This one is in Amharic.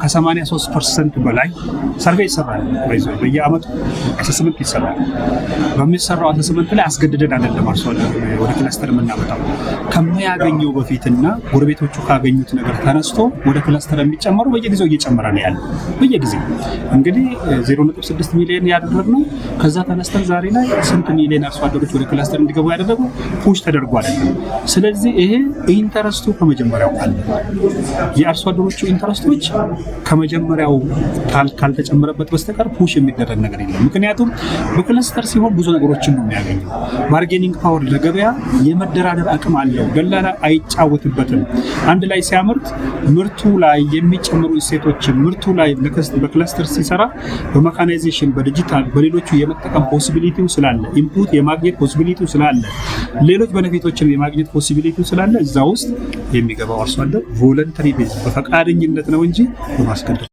ከ83 ፐርሰንት በላይ ሰርቬ ይሰራል። ይዞ በየአመቱ 18 ይሰራል። በሚሰራው 18 ላይ አስገድደን አይደለም አርሶ ወደ ክለስተር የምናመጣው ከሚያገኘው በፊትና ጎረቤቶቹ ካገኙት ነገር ተነስቶ ወደ ክለስተር የሚጨመሩ በየጊዜው እየጨመረ ነው ያለ። በየጊዜው እንግዲህ 0.6 ሚሊዮን ያደረግነው ከዛ ተነስተን ዛሬ ላይ ስንት ሚሊዮን አርሶ አደሮች ወደ ክላስተር እንዲገቡ ያደረጉ ፑሽ ተደርጎ አይደለም። ስለዚህ ይሄ ኢንተረስቱ ከመጀመሪያው አለ። የአርሶ አደሮቹ ኢንተረስቶች ሰዎች ከመጀመሪያው ካልተጨመረበት በስተቀር ፑሽ የሚደረግ ነገር የለም። ምክንያቱም በክለስተር ሲሆን ብዙ ነገሮችን ነው የሚያገኘው። ባርጌኒንግ ፓወር ለገበያ የመደራደር አቅም አለው። ደላላ አይጫወትበትም። አንድ ላይ ሲያምርት ምርቱ ላይ የሚጨምሩ እሴቶችን ምርቱ ላይ በክለስተር ሲሰራ በመካናይዜሽን በዲጂታል፣ በሌሎቹ የመጠቀም ፖሲቢሊቲው ስላለ ኢንፑት የማግኘት ፖሲቢሊቲው ስላለ ሌሎች በነፊቶችን የማግኘት ፖሲቢሊቲው ስላለ እዛ ውስጥ የሚገባው አርሶ አደር ቮለንተሪ ቤዝ በፈቃደኝነት ነው እንጂ በማስገደድ